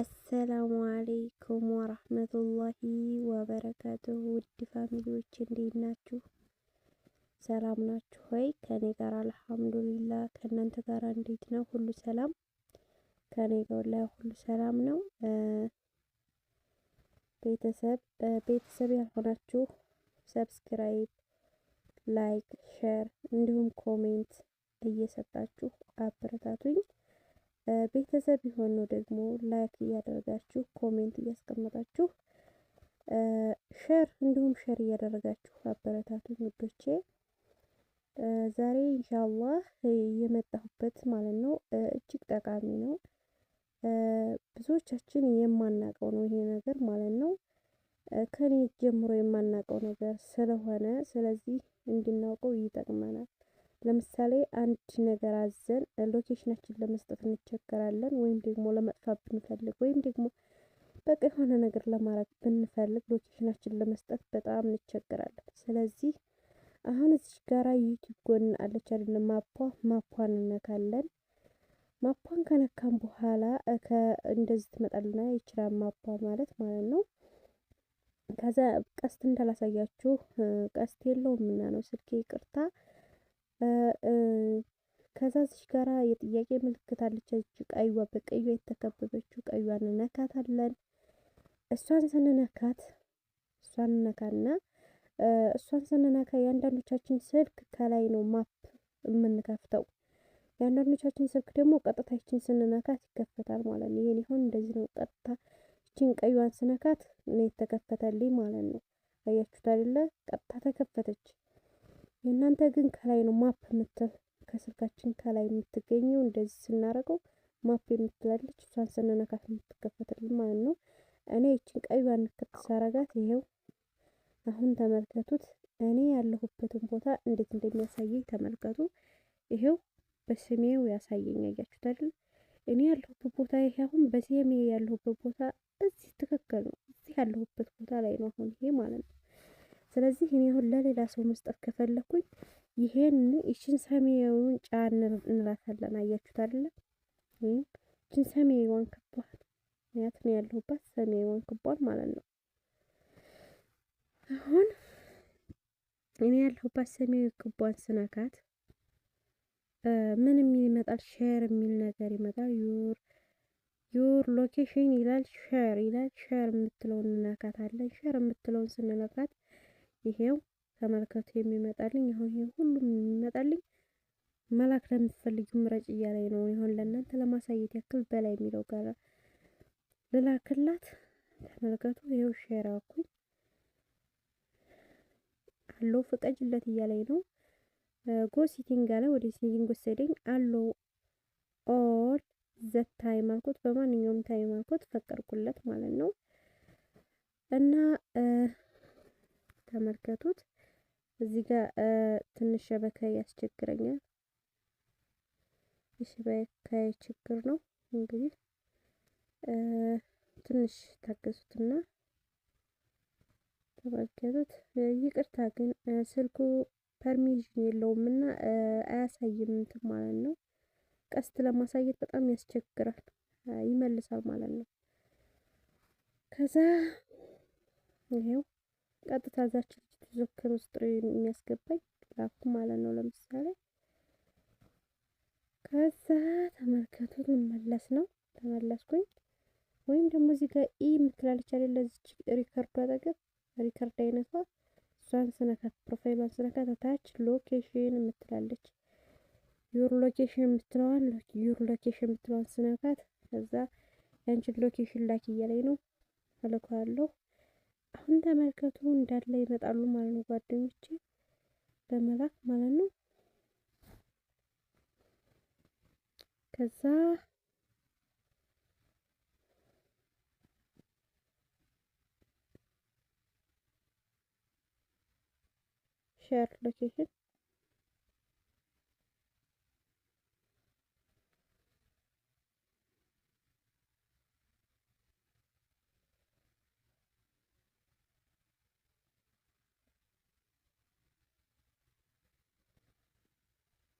አሰላሙ አሌይኩም ወራህመቱላሂ ወበረካቱ። ውድ ፋሚሊዎች እንዴት ናችሁ? ሰላም ናችሁ ሆይ? ከኔ ጋር አልሐምዱሊላ። ከእናንተ ጋር እንዴት ነው? ሁሉ ሰላም? ከኔ ጋር ላይ ሁሉ ሰላም ነው። ቤተሰብ ቤተሰብ ያልሆናችሁ ሰብስክራይብ፣ ላይክ፣ ሼር እንዲሁም ኮሜንት እየሰጣችሁ አበረታቱኝ። ቤተሰብ የሆነው ደግሞ ላይክ እያደረጋችሁ ኮሜንት እያስቀመጣችሁ ሸር እንዲሁም ሸር እያደረጋችሁ አበረታቱ ውዶቼ። ዛሬ ኢንሻአላህ የመጣሁበት ማለት ነው እጅግ ጠቃሚ ነው። ብዙዎቻችን የማናቀው ነው ይሄ ነገር ማለት ነው ከኔ ጀምሮ የማናቀው ነገር ስለሆነ ስለዚህ እንድናውቀው ይጠቅመናል። ለምሳሌ አንድ ነገር አዘን ሎኬሽናችን ለመስጠት እንቸገራለን፣ ወይም ደግሞ ለመጥፋት ብንፈልግ ወይም ደግሞ በቃ የሆነ ነገር ለማድረግ ብንፈልግ ሎኬሽናችን ለመስጠት በጣም እንቸገራለን። ስለዚህ አሁን እዚህ ጋራ ዩቲዩብ ጎን አለች አይደለም? ማፓ ማፓን እነካለን። ማፓን ከነካን በኋላ እንደዚህ ትመጣልና ይችላል ማፓ ማለት ማለት ነው። ከዛ ቀስት እንዳላሳያችሁ ቀስት የለውም እና ነው ስልኬ ይቅርታ ከዛ እዚህ ጋራ የጥያቄ ምልክት አለች። ቀዩዋ በቀዩ የተከበበችው ቀዩን እነካታለን። እሷን ስንነካት እሷን እነካና እሷን ስንነካ የአንዳንዶቻችን ስልክ ከላይ ነው ማፕ የምንከፍተው። የአንዳንዶቻችን ስልክ ደግሞ ቀጥታችን ስንነካት ይከፈታል ማለት ነው። ይሄን ይሁን እንደዚህ ነው። ቀጥታ ይችን ቀዩዋን ስነካት ነው የተከፈተልኝ ማለት ነው። አያችሁት አይደለ? ቀጥታ ተከፈተች። የእናንተ ግን ከላይ ነው ማፕ የምትል ከስልካችን ከላይ የምትገኘው እንደዚህ ስናደርገው ማፕ የምትላለች እሷን ስንነካት የምትከፈትልን ማለት ነው። እኔ ይችን ቀይ ክፍት ሳረጋት ይሄው አሁን ተመልከቱት። እኔ ያለሁበትን ቦታ እንዴት እንደሚያሳየኝ ተመልከቱ። ይሄው በስሜው ያሳየኝ አያችሁት አይደል? እኔ ያለሁበት ቦታ ይሄ አሁን በስሜ ያለሁበት ቦታ እዚህ ትክክል ነው። እዚህ ያለሁበት ቦታ ላይ ነው አሁን ይሄ ማለት ነው። ስለዚህ እኔ አሁን ለሌላ ሰው መስጠት ከፈለኩኝ ይሄን ይችን ሰማያዊውን ጫ እንላታለን። አያችሁት አይደለም? ይችን ሰማያዊዋን ክቧል። ነው ያለሁባት ሰማያዊዋን ክቧል ማለት ነው። አሁን እኔ ያለሁባት ሰማያዊ ክቧን ስነካት ምንም ይመጣል? ሼር የሚል ነገር ይመጣል። ዩር ዩር ሎኬሽን ይላል። ሼር ይላል። ሼር የምትለውን እንነካታለን። ሼር የምትለውን ስንነካት ይሄው ተመልከቱ የሚመጣልኝ አሁን ይሄ ሁሉም የሚመጣልኝ መላክ ለምትፈልጊ ምረጭ እያለኝ ነው። ይሁን ለእናንተ ለማሳየት ያክል በላይ የሚለው ጋር ልላክላት። ተመልከቱ ይሄው ሼር አኩኝ አሎ ፍቀጅለት እያለኝ ነው። ጎ ሲቲንግ አለ። ወደ ሲቲንግ ወሰደኝ። አሎ ኦል ዘት ታይም አልኩት። በማንኛውም ታይም አልኩት። ፈቀድኩለት ማለት ነው እና ተመልከቱት። እዚህ ጋር ትንሽ ሸበካ ያስቸግረኛል። የሸበካ ችግር ነው እንግዲህ ትንሽ ታገሱትና ተመልከቱት። ይቅርታ ግን ስልኩ ፐርሚሽን የለውም እና አያሳይም እንትን ማለት ነው። ቀስት ለማሳየት በጣም ያስቸግራል። ይመልሳል ማለት ነው። ከዛ ይሄው ቀጥታ ዛች ልጅ ትዘክር ውስጥ የሚያስገባኝ ላኩ ማለት ነው። ለምሳሌ ከዛ ተመልከቱ መለስ ነው ተመለስኩኝ። ወይም ደግሞ እዚህ ጋር ኢ የምትላለች አይደለ? እዚች ሪከርዱ አጠገብ ሪከርድ አይነቷ እሷን ስነካት ፕሮፋይሏን ስነካት ታች ሎኬሽን የምትላለች ዩር ሎኬሽን የምትለዋን ዩር ሎኬሽን የምትለዋን ስነካት ከዛ ያንቺን ሎኬሽን ላኪ እያለኝ ነው እልካለሁ። አሁን ተመልከቱ እንዳለ ይመጣሉ ማለት ነው ጓደኞቼ በመላክ ማለት ነው። ከዛ ሼር ሎኬሽን